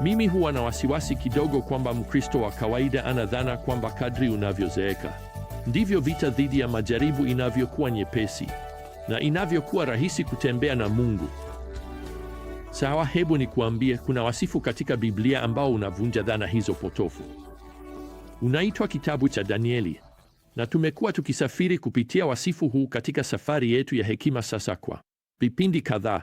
Mimi huwa na wasiwasi kidogo kwamba Mkristo wa kawaida anadhana kwamba kadri unavyozeeka ndivyo vita dhidi ya majaribu inavyokuwa nyepesi na inavyokuwa rahisi kutembea na Mungu. Sawa, hebu nikuambie, kuna wasifu katika Biblia ambao unavunja dhana hizo potofu. Unaitwa kitabu cha Danieli, na tumekuwa tukisafiri kupitia wasifu huu katika safari yetu ya hekima sasa kwa vipindi kadhaa.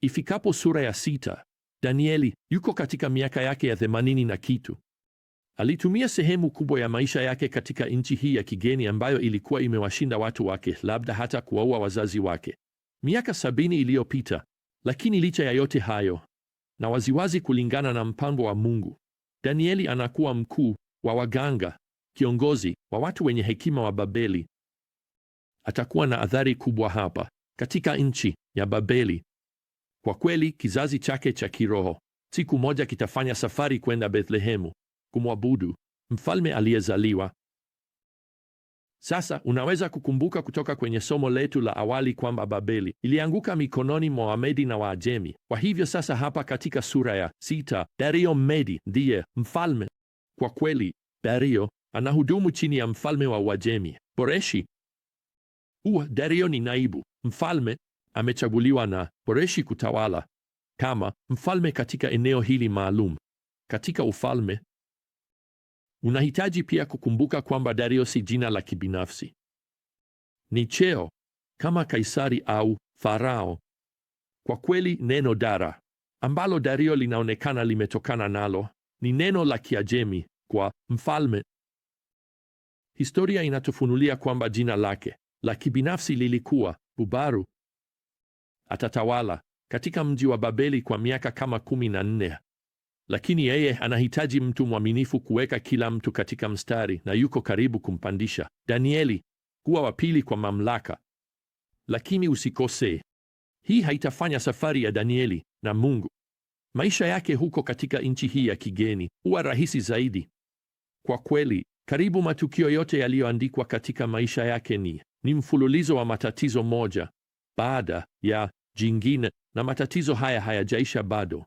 Ifikapo sura ya sita Danieli yuko katika miaka yake ya themanini na kitu. Alitumia sehemu kubwa ya maisha yake katika nchi hii ya kigeni ambayo ilikuwa imewashinda watu wake, labda hata kuwaua wazazi wake miaka sabini iliyopita. Lakini licha ya yote hayo, na waziwazi, kulingana na mpango wa Mungu, Danieli anakuwa mkuu wa waganga, kiongozi wa watu wenye hekima wa Babeli. Atakuwa na athari kubwa hapa katika nchi ya Babeli. Kwa kweli kizazi chake cha kiroho siku moja kitafanya safari kwenda Bethlehemu kumwabudu mfalme aliyezaliwa. Sasa unaweza kukumbuka kutoka kwenye somo letu la awali kwamba Babeli ilianguka mikononi mwa Wamedi na Waajemi. Kwa hivyo sasa hapa katika sura ya sita, Dario Medi ndiye mfalme. Kwa kweli Dario anahudumu chini ya mfalme wa Uajemi Boreshi. Uwa Dario ni naibu mfalme amechaguliwa na Koreshi kutawala kama mfalme katika eneo hili maalum. Katika ufalme unahitaji pia kukumbuka kwamba Dario si jina la kibinafsi, ni cheo kama kaisari au farao. Kwa kweli, neno dara ambalo Dario linaonekana limetokana nalo ni neno la Kiajemi kwa mfalme. Historia inatufunulia kwamba jina lake la kibinafsi lilikuwa Bubaru, atatawala katika mji wa Babeli kwa miaka kama kumi na nne. Lakini yeye anahitaji mtu mwaminifu kuweka kila mtu katika mstari, na yuko karibu kumpandisha Danieli kuwa wa pili kwa mamlaka. Lakini usikose, hii haitafanya safari ya Danieli na Mungu, maisha yake huko katika nchi hii ya kigeni, huwa rahisi zaidi. Kwa kweli, karibu matukio yote yaliyoandikwa katika maisha yake ni ni mfululizo wa matatizo moja baada ya jingine, na matatizo haya hayajaisha bado.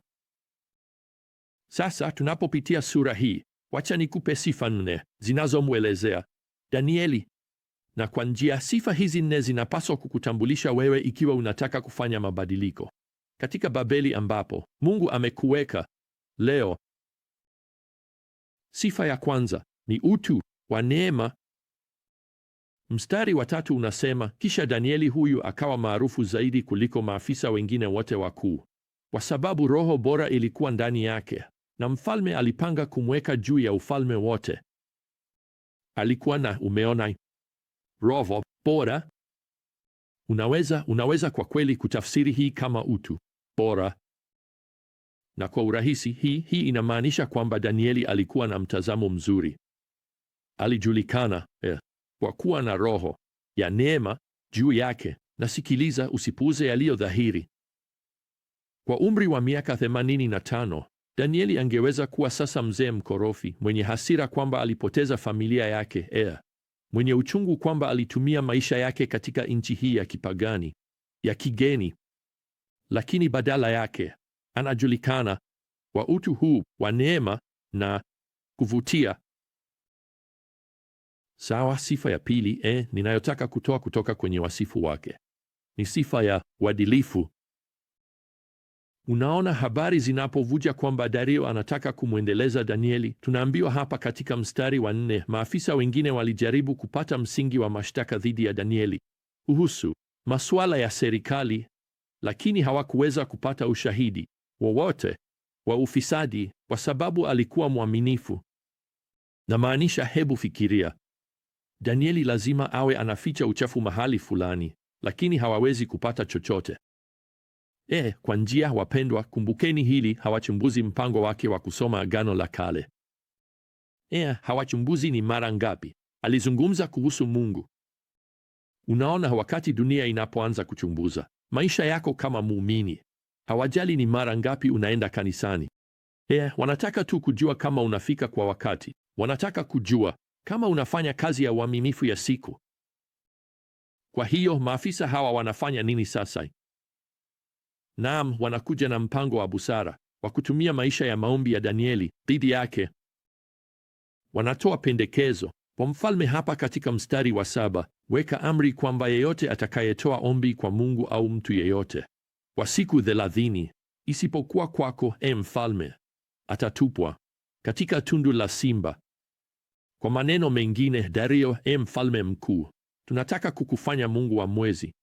Sasa tunapopitia sura hii, wacha nikupe sifa nne zinazomwelezea Danieli, na kwa njia, sifa hizi nne zinapaswa kukutambulisha wewe ikiwa unataka kufanya mabadiliko katika Babeli ambapo Mungu amekuweka leo. Sifa ya kwanza ni utu wa neema Mstari wa tatu unasema, kisha Danieli huyu akawa maarufu zaidi kuliko maafisa wengine wote wakuu, kwa sababu roho bora ilikuwa ndani yake, na mfalme alipanga kumweka juu ya ufalme wote. Alikuwa na, umeona, roho bora. Unaweza unaweza kwa kweli kutafsiri hii kama utu bora, na kwa urahisi hii hii inamaanisha kwamba Danieli alikuwa na mtazamo mzuri, alijulikana eh, kwa kuwa na roho ya neema juu yake. Nasikiliza, usipuuze yaliyo dhahiri. Kwa umri wa miaka 85 Danieli angeweza kuwa sasa mzee mkorofi, mwenye hasira kwamba alipoteza familia yake, ea, er, mwenye uchungu kwamba alitumia maisha yake katika nchi hii ya kipagani ya kigeni. Lakini badala yake anajulikana wa utu huu wa neema na kuvutia Sawa, sifa ya pili e, ninayotaka kutoa kutoka kwenye wasifu wake ni sifa ya uadilifu. Unaona, habari zinapovuja kwamba Dario anataka kumwendeleza Danieli, tunaambiwa hapa katika mstari wa nne, maafisa wengine walijaribu kupata msingi wa mashtaka dhidi ya Danieli kuhusu masuala ya serikali, lakini hawakuweza kupata ushahidi wowote wa ufisadi kwa sababu alikuwa mwaminifu. Namaanisha, hebu fikiria Danieli lazima awe anaficha uchafu mahali fulani, lakini hawawezi kupata chochote. E, kwa njia, wapendwa, kumbukeni hili, hawachumbuzi mpango wake wa kusoma Agano la Kale. E, hawachumbuzi ni mara ngapi alizungumza kuhusu Mungu. Unaona, wakati dunia inapoanza kuchumbuza maisha yako kama muumini, hawajali ni mara ngapi unaenda kanisani. E, wanataka tu kujua kama unafika kwa wakati. Wanataka kujua kama unafanya kazi ya uaminifu ya siku. Kwa hiyo maafisa hawa wanafanya nini sasa? Naam, wanakuja na mpango wa busara wa kutumia maisha ya maombi ya Danieli dhidi yake. Wanatoa pendekezo kwa mfalme hapa katika mstari wa saba: weka amri kwamba yeyote atakayetoa ombi kwa Mungu au mtu yeyote kwa siku thelathini isipokuwa kwako, e mfalme, atatupwa katika tundu la simba kwa maneno mengine, Dario, e mfalme mkuu, tunataka kukufanya mungu wa mwezi.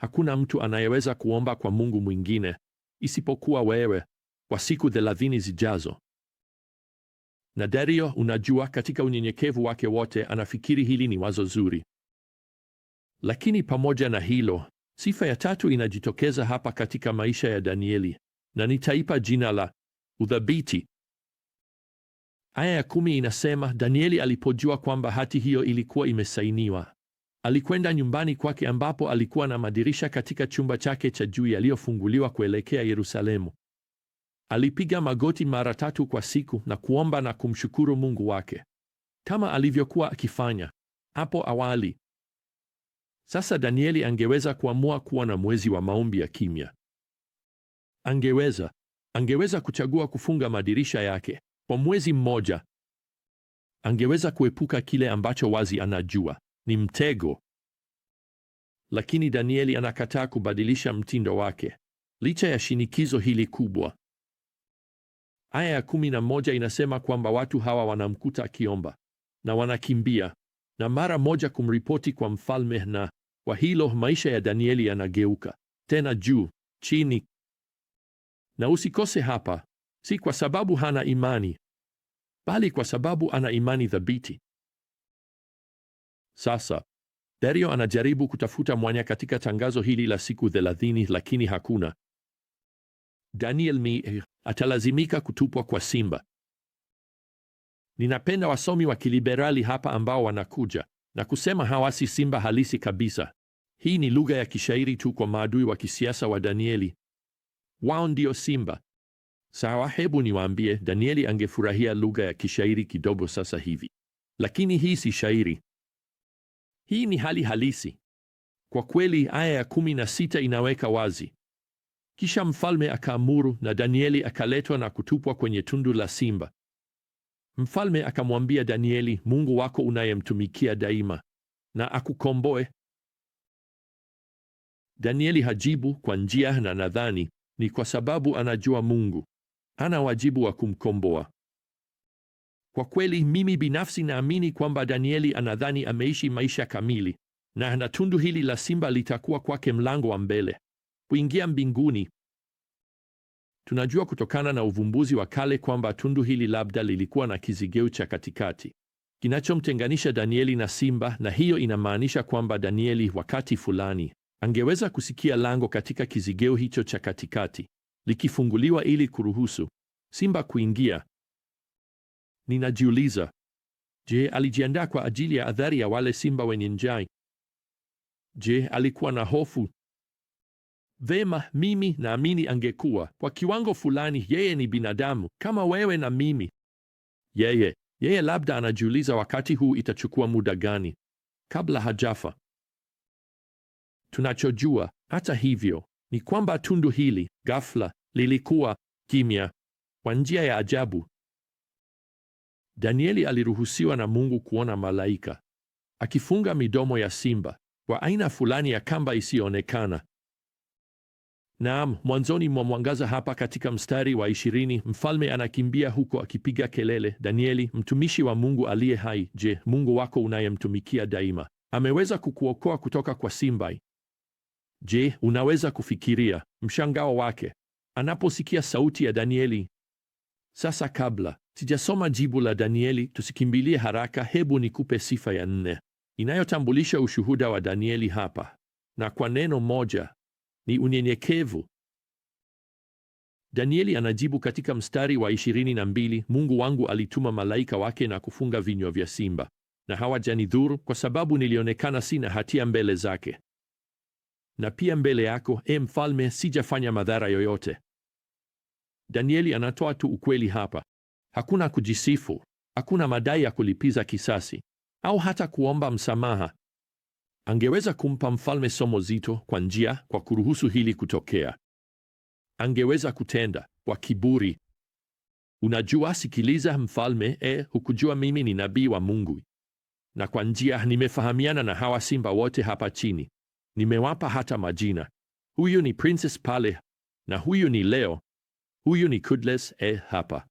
Hakuna mtu anayeweza kuomba kwa mungu mwingine isipokuwa wewe kwa siku thelathini zijazo. Na Dario, unajua, katika unyenyekevu wake wote anafikiri hili ni wazo zuri. Lakini pamoja na hilo, sifa ya tatu inajitokeza hapa katika maisha ya Danieli, na nitaipa jina la uthabiti. Aya ya kumi inasema Danieli alipojua kwamba hati hiyo ilikuwa imesainiwa, alikwenda nyumbani kwake ambapo alikuwa na madirisha katika chumba chake cha juu yaliyofunguliwa kuelekea Yerusalemu. Alipiga magoti mara tatu kwa siku na kuomba na kumshukuru Mungu wake kama alivyokuwa akifanya hapo awali. Sasa Danieli angeweza kuamua kuwa na mwezi wa maombi ya kimya. Angeweza angeweza kuchagua kufunga madirisha yake kwa mwezi mmoja, angeweza kuepuka kile ambacho wazi anajua ni mtego. Lakini Danieli anakataa kubadilisha mtindo wake licha ya shinikizo hili kubwa. Aya ya kumi na moja inasema kwamba watu hawa wanamkuta akiomba na wanakimbia na mara moja kumripoti kwa mfalme, na kwa hilo maisha ya Danieli yanageuka tena juu chini. Na usikose hapa si kwa sababu hana imani, bali kwa sababu ana imani thabiti. Sasa Dario anajaribu kutafuta mwanya katika tangazo hili la siku thelathini, lakini hakuna. Daniel mi eh, atalazimika kutupwa kwa simba. Ninapenda wasomi wa kiliberali hapa ambao wanakuja na kusema hawasi simba halisi kabisa. Hii ni lugha ya kishairi tu kwa maadui wa kisiasa wa Danieli. Wao ndio simba. Sawa, hebu niwaambie, Danieli angefurahia lugha ya kishairi kidogo sasa hivi. Lakini hii si shairi, hii ni hali halisi. Kwa kweli, aya ya kumi na sita inaweka wazi: kisha mfalme akaamuru, na Danieli akaletwa na kutupwa kwenye tundu la simba. Mfalme akamwambia Danieli, Mungu wako unayemtumikia daima na akukomboe. Danieli hajibu kwa njia, na nadhani ni kwa sababu anajua Mungu hana wajibu wa kumkomboa. Kwa kweli, mimi binafsi naamini kwamba Danieli anadhani ameishi maisha kamili na na tundu hili la simba litakuwa kwake mlango wa mbele kuingia mbinguni. Tunajua kutokana na uvumbuzi wa kale kwamba tundu hili labda lilikuwa na kizigeu cha katikati kinachomtenganisha Danieli na simba, na hiyo inamaanisha kwamba Danieli wakati fulani angeweza kusikia lango katika kizigeu hicho cha katikati likifunguliwa ili kuruhusu simba kuingia. Ninajiuliza, je, alijiandaa kwa ajili ya adhari ya wale simba wenye njaa? Je, alikuwa na hofu? Vema, mimi naamini angekuwa kwa kiwango fulani. Yeye ni binadamu kama wewe na mimi. Yeye yeye labda anajiuliza wakati huu itachukua muda gani kabla hajafa. Tunachojua hata hivyo ni kwamba tundu hili ghafla lilikuwa kimya kwa njia ya ajabu. Danieli aliruhusiwa na Mungu kuona malaika akifunga midomo ya simba kwa aina fulani ya kamba isiyoonekana. Naam, mwanzoni mwa mwangaza hapa katika mstari wa ishirini, mfalme anakimbia huko akipiga kelele, Danieli mtumishi wa Mungu aliye hai, je, Mungu wako unayemtumikia daima ameweza kukuokoa kutoka kwa simba Je, unaweza kufikiria mshangao wake anaposikia sauti ya Danieli? Sasa, kabla sijasoma jibu la Danieli, tusikimbilie haraka. Hebu nikupe sifa ya nne inayotambulisha ushuhuda wa Danieli hapa, na kwa neno moja ni unyenyekevu. Danieli anajibu katika mstari wa 22, Mungu wangu alituma malaika wake na kufunga vinywa vya simba, na hawajanidhuru kwa sababu nilionekana sina hatia mbele zake na pia mbele yako, e mfalme, sijafanya madhara yoyote. Danieli anatoa tu ukweli hapa. Hakuna kujisifu, hakuna madai ya kulipiza kisasi au hata kuomba msamaha. Angeweza kumpa mfalme somo zito kwa njia, kwa kuruhusu hili kutokea. Angeweza kutenda kwa kiburi. Unajua, sikiliza mfalme, e, hukujua mimi ni nabii wa Mungu, na kwa njia nimefahamiana na hawa simba wote hapa chini. Nimewapa hata majina. Huyu ni Princess pale na huyu ni Leo, huyu ni Kudles. E, hapa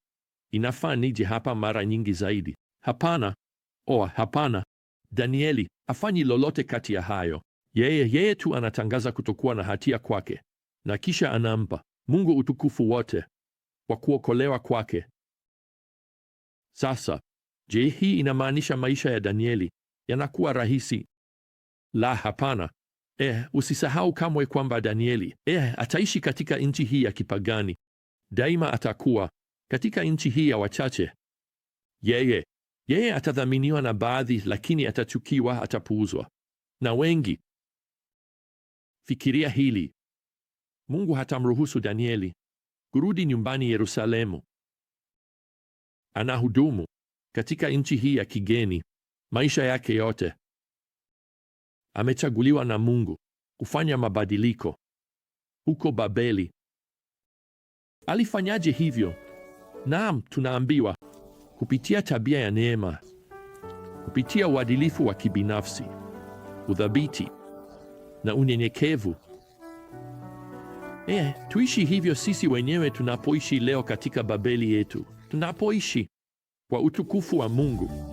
inafaa nije hapa mara nyingi zaidi? Hapana, o hapana. Danieli afanyi lolote kati ya hayo. Yeye yeye tu anatangaza kutokuwa na hatia kwake, na kisha anampa Mungu utukufu wote kwa kuokolewa kwake. Sasa je, hii inamaanisha maisha ya Danieli yanakuwa rahisi? La, hapana. Eh, usisahau kamwe kwamba Danieli eh, ataishi katika nchi hii ya kipagani daima. Atakuwa katika nchi hii ya wachache. Yeye yeye atadhaminiwa na baadhi, lakini atachukiwa, atapuuzwa na wengi. Fikiria hili, Mungu hatamruhusu Danieli kurudi nyumbani Yerusalemu. Anahudumu katika nchi hii ya kigeni maisha yake yote amechaguliwa na Mungu kufanya mabadiliko huko Babeli. Alifanyaje hivyo? Naam, tunaambiwa kupitia tabia ya neema, kupitia uadilifu wa kibinafsi, udhabiti na unyenyekevu. E, tuishi hivyo sisi wenyewe tunapoishi leo katika Babeli yetu, tunapoishi kwa utukufu wa Mungu.